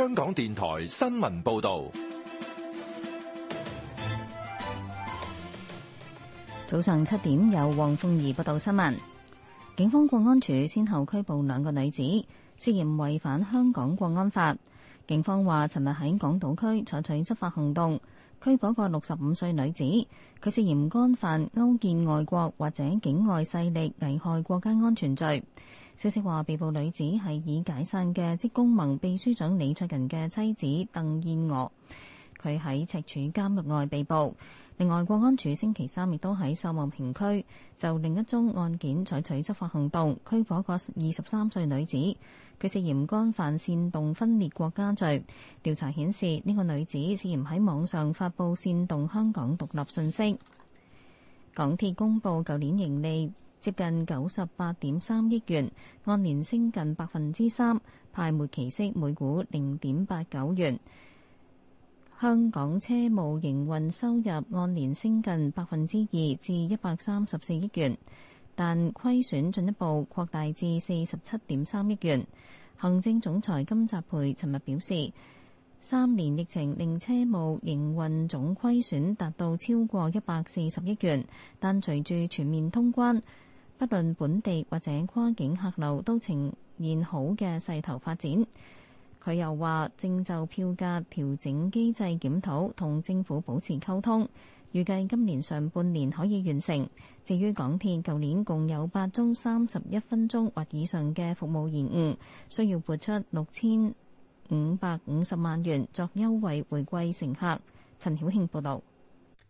香港電台新聞報道，早上七點有黃鳳儀報道新聞。警方國安處先後拘捕兩個女子，涉嫌違反香港國安法。警方話，尋日喺港島區採取執法行動。拘捕個六十五歲女子，佢涉嫌干犯勾結外國或者境外勢力危害國家安全罪。消息話，被捕女子係已解散嘅職工盟秘書長李卓人嘅妻子鄧燕娥。佢喺赤柱監獄外被捕。另外，國安處星期三亦都喺秀茂坪區就另一宗案件採取執法行動，拘捕一個二十三歲女子。佢涉嫌干犯煽動分裂國家罪。調查顯示，呢個女子涉嫌喺網上發佈煽動香港獨立信息。港鐵公佈舊年盈利接近九十八點三億元，按年升近百分之三，派末期息每股零點八九元。香港車務營運收入按年升近百分之二，至一百三十四億元，但虧損進一步擴大至四十七點三億元。行政總裁金澤培尋日表示，三年疫情令車務營運總虧損達到超過一百四十億元，但隨住全面通關，不論本地或者跨境客流都呈現好嘅勢頭發展。佢又話正就票價調整機制檢討同政府保持溝通，預計今年上半年可以完成。至於港鐵舊年共有八宗三十一分鐘或以上嘅服務延誤，需要撥出六千五百五十萬元作優惠回饋乘客。陳曉慶報道。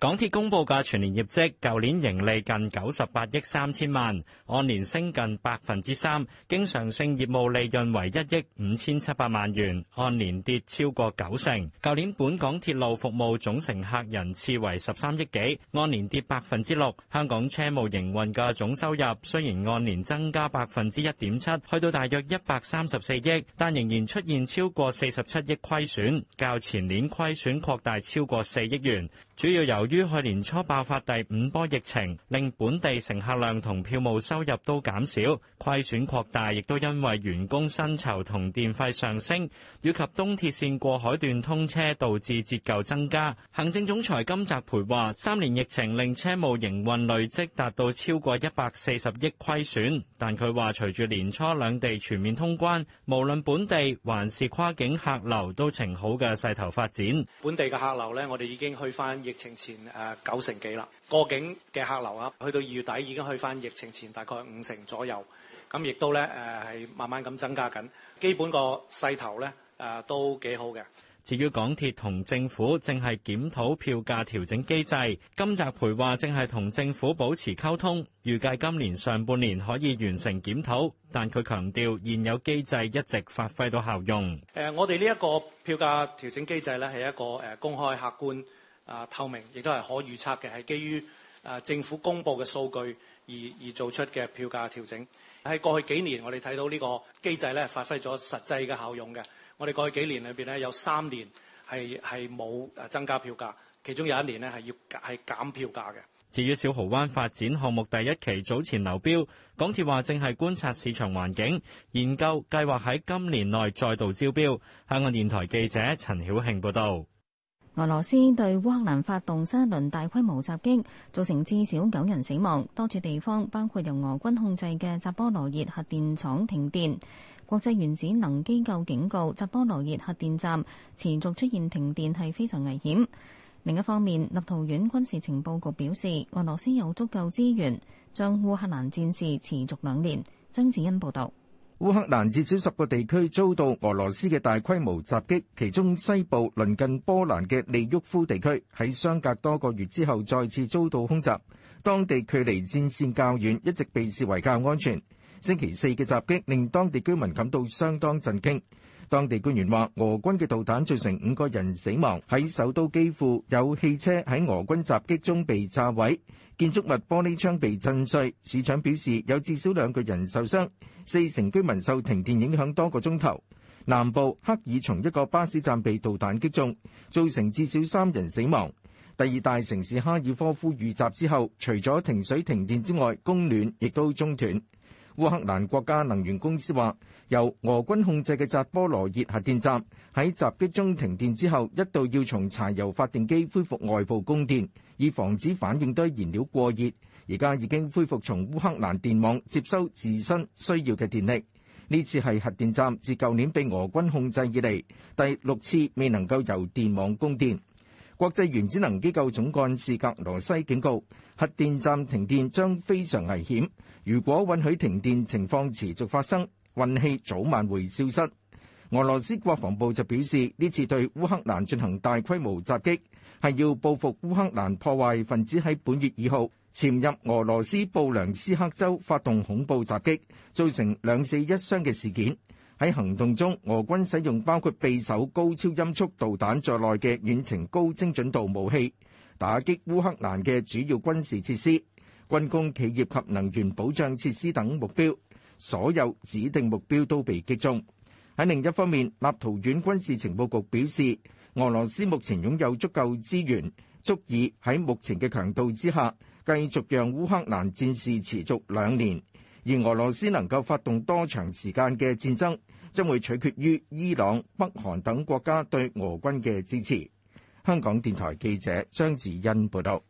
港鐵公佈嘅全年業績，舊年盈利近九十八億三千萬，按年升近百分之三。經常性業務利潤為一億五千七百萬元，按年跌超過九成。舊年本港鐵路服務總乘客人次為十三億幾，按年跌百分之六。香港車務營運嘅總收入雖然按年增加百分之一點七，去到大約一百三十四億，但仍然出現超過四十七億虧損，較前年虧損擴大超過四億元。主要由於去年初爆發第五波疫情，令本地乘客量同票務收入都減少，虧損擴大，亦都因為員工薪酬同電費上升，以及東鐵線過海段通車導致折舊增加。行政總裁金澤培話：三年疫情令車務營運累積達到超過一百四十億虧損，但佢話隨住年初兩地全面通關，無論本地還是跨境客流都呈好嘅勢頭發展。本地嘅客流呢，我哋已經去翻疫情前，誒九成幾啦，過境嘅客流啊，去到二月底已經去返疫情前大概五成左右。咁亦都咧，誒係慢慢咁增加緊，基本個勢頭咧，誒都幾好嘅。至於港鐵同政府正係檢討票價調整機制，金澤培話正係同政府保持溝通，預計今年上半年可以完成檢討，但佢強調現有機制一直發揮到效用。誒，我哋呢一個票價調整機制咧係一個誒，公開客觀。啊！透明亦都係可預測嘅，係基於啊政府公布嘅數據而而做出嘅票價調整。喺過去幾年，我哋睇到呢個機制咧，發揮咗實際嘅效用嘅。我哋過去幾年裏邊咧，有三年係係冇增加票價，其中有一年咧係要係減票價嘅。至於小濠灣發展項目第一期早前流標，港鐵話正係觀察市場環境，研究計劃喺今年內再度招標。香港電台記者陳曉慶報道。俄羅斯對烏克蘭發動新一輪大規模襲擊，造成至少九人死亡。多處地方，包括由俄軍控制嘅扎波羅熱核電廠停電。國際原子能機構警告，扎波羅熱核電站持續出現停電係非常危險。另一方面，立陶宛軍事情報局表示，俄羅斯有足夠資源將烏克蘭戰事持續兩年。張子恩報道。烏克蘭至少十個地區遭到俄羅斯嘅大規模襲擊，其中西部鄰近波蘭嘅利沃夫地區喺相隔多個月之後再次遭到空襲，當地距離戰線較遠，一直被視為較安全。星期四嘅襲擊令當地居民感到相當震驚。當地官員話，俄軍嘅導彈造成五個人死亡。喺首都基輔，有汽車喺俄軍襲擊中被炸毀，建築物玻璃窗被震碎。市長表示，有至少兩個人受傷，四成居民受停電影響多個鐘頭。南部赫爾松一個巴士站被導彈擊中，造成至少三人死亡。第二大城市哈爾科夫遇襲之後，除咗停水停電之外，供暖亦都中斷。烏克蘭國家能源公司話，由俄軍控制嘅扎波羅熱核電站，喺襲擊中停電之後,一度要從柴油發電機恢復外部供電,以防止反應堆燃料過熱，而家已經恢復從烏克蘭電網接收自身需要嘅電力。呢次係核電站自舊年被俄軍控制以嚟，第六次未能夠由電網供電。國際原子能機構總幹事格羅西警告，核電站停電將非常危險，如果允許停電情況持續發生，運氣早晚會消失。俄羅斯國防部就表示，呢次對烏克蘭進行大規模襲擊，係要報復烏克蘭破壞分子喺本月喺行動中，俄軍使用包括匕首高超音速導彈在內嘅遠程高精準度武器，打擊烏克蘭嘅主要軍事設施、軍工企業及能源保障設施等目標。所有指定目標都被擊中。喺另一方面，立陶宛軍事情報局表示，俄羅斯目前擁有足夠資源，足以喺目前嘅強度之下，繼續讓烏克蘭戰事持續兩年。而俄羅斯能夠發動多長時間嘅戰爭，將會取決於伊朗、北韓等國家對俄軍嘅支持。香港電台記者張志欣報道。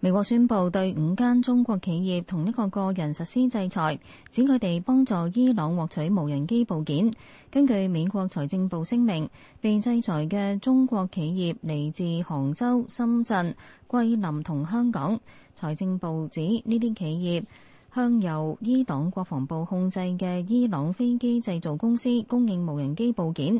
美國宣布對五間中國企業同一個個人實施制裁，指佢哋幫助伊朗獲取無人機部件。根據美國財政部聲明，被制裁嘅中國企業嚟自杭州、深圳、桂林同香港。財政部指呢啲企業，向由伊朗國防部控制嘅伊朗飛機製造公司供應無人機部件，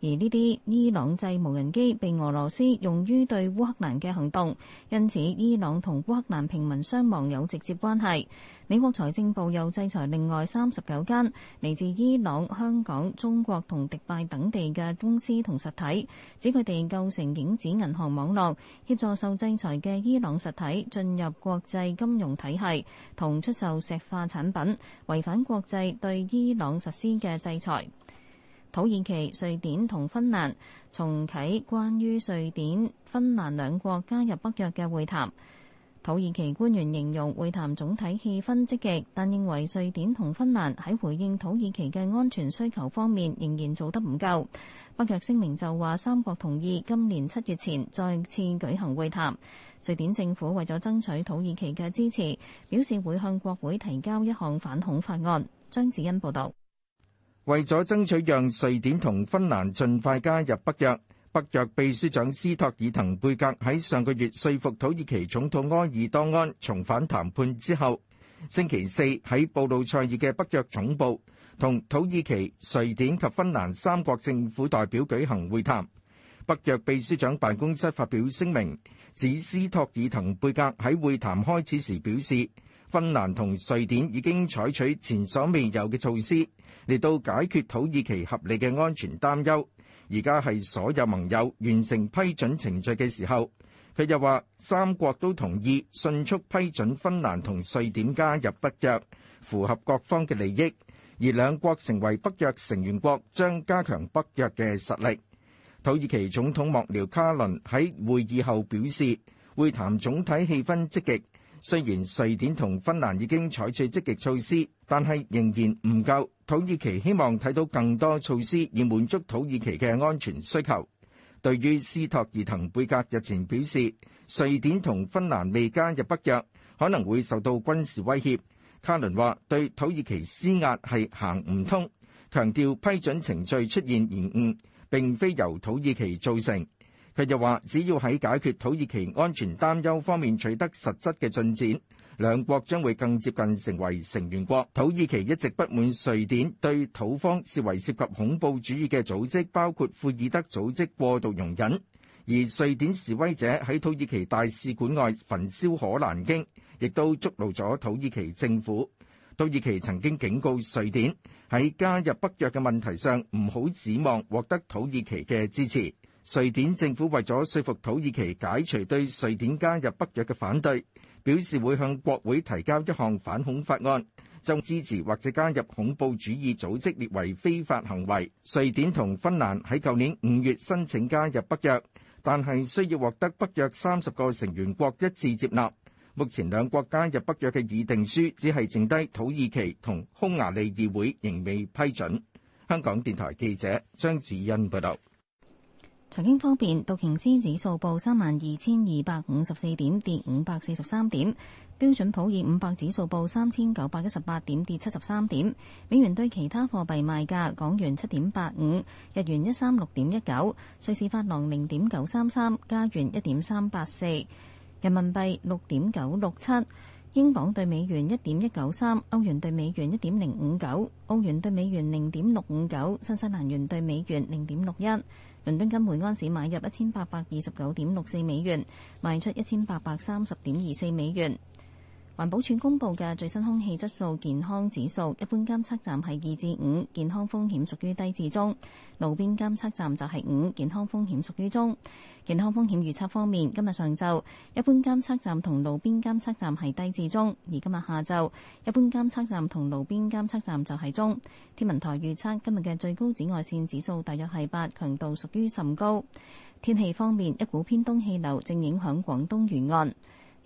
而呢啲伊朗製無人機被俄羅斯用於對烏克蘭嘅行動，因此伊朗同烏克蘭平民傷亡有直接關係。美國財政部又制裁另外三十九間嚟自伊朗、香港、中國同迪拜等地嘅公司同實體，指佢哋構成影子銀行網絡，協助受制裁嘅伊朗實體進入國際金融體系同出售石化產品，違反國際對伊朗實施嘅制裁。土耳其、瑞典同芬蘭重啟關於瑞典、芬蘭兩國加入北約嘅會談。土耳其官員形容會談總體氣氛積極，但認為瑞典同芬蘭喺回應土耳其嘅安全需求方面仍然做得唔夠。北約聲明就話，三國同意今年七月前再次舉行會談。瑞典政府為咗爭取土耳其嘅支持，表示會向國會提交一項反恐法案。張子欣報導。為咗爭取讓瑞典同芬蘭盡快加入北約。北約秘書長斯托爾滕貝格喺上個月說服土耳其總統埃爾多安重返談判之後，星期四喺布魯塞爾嘅北約總部同土耳其、瑞典及芬蘭三國政府代表舉行會談。北約秘書長辦公室發表聲明，指斯托爾滕貝格喺會談開始時表示，芬蘭同瑞典已經採取前所未有嘅措施，嚟到解決土耳其合理嘅安全擔憂。而家係所有盟友完成批准程序嘅時候，佢又話三國都同意迅速批准芬蘭同瑞典加入北約，符合各方嘅利益。而兩國成為北約成員國，將加強北約嘅實力。土耳其總統幕僚卡倫喺會議後表示，會談總體氣氛積極，雖然瑞典同芬蘭已經採取積極措施，但係仍然唔夠。土耳其希望睇到更多措施，以滿足土耳其嘅安全需求。對於斯托爾滕貝格日前表示，瑞典同芬蘭未加入北約，可能會受到軍事威脅。卡倫話，對土耳其施壓係行唔通，強調批准程序出現延誤並非由土耳其造成。佢又話，只要喺解決土耳其安全擔憂方面取得實質嘅進展。兩國將會更接近成為成員國。土耳其一直不滿瑞典對土方視為涉及恐怖主義嘅組織，包括庫爾德組織過度容忍，而瑞典示威者喺土耳其大使館外焚燒可蘭經，亦都觸怒咗土耳其政府。土耳其曾經警告瑞典，喺加入北約嘅問題上唔好指望獲得土耳其嘅支持。瑞典政府為咗說服土耳其解除對瑞典加入北約嘅反對。表示會向國會提交一項反恐法案，將支持或者加入恐怖主義組織列為非法行為。瑞典同芬蘭喺舊年五月申請加入北約，但係需要獲得北約三十個成員國一致接納。目前兩國加入北約嘅議定書只係剩低土耳其同匈牙利議會仍未批准。香港電台記者張子欣報道。財經方面，道瓊斯指數報三萬二千二百五十四點，跌五百四十三點；標準普爾五百指數報三千九百一十八點，跌七十三點。美元對其他貨幣賣價：港元七點八五，日元一三六點一九，瑞士法郎零點九三三，加元一點三八四，人民幣六點九六七，英鎊對美元一點一九三，歐元對美元一點零五九，澳元對美元零點六五九，新西蘭元對美元零點六一。倫敦金每安士買入一千八百二十九點六四美元，賣出一千八百三十點二四美元。環保署公布嘅最新空氣質素健康指數，一般監測站係二至五，健康風險屬於低至中；路邊監測站就係五，健康風險屬於中。健康風險預測方面，今日上晝一般監測站同路邊監測站係低至中，而今日下晝一般監測站同路邊監測站就係中。天文台預測今日嘅最高紫外線指數大約係八，強度屬於甚高。天氣方面，一股偏東氣流正影響廣東沿岸。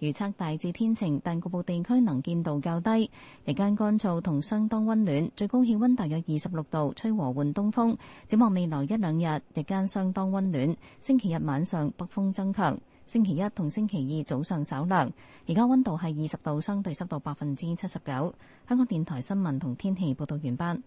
預測大致天晴，但局部地區能見度較低。日間乾燥同相當溫暖，最高氣溫大約二十六度，吹和緩東風。展望未來一兩日，日間相當溫暖。星期日晚上北風增強，星期一同星期二早上稍涼。而家溫度係二十度，相對濕度百分之七十九。香港電台新聞同天氣報道完畢。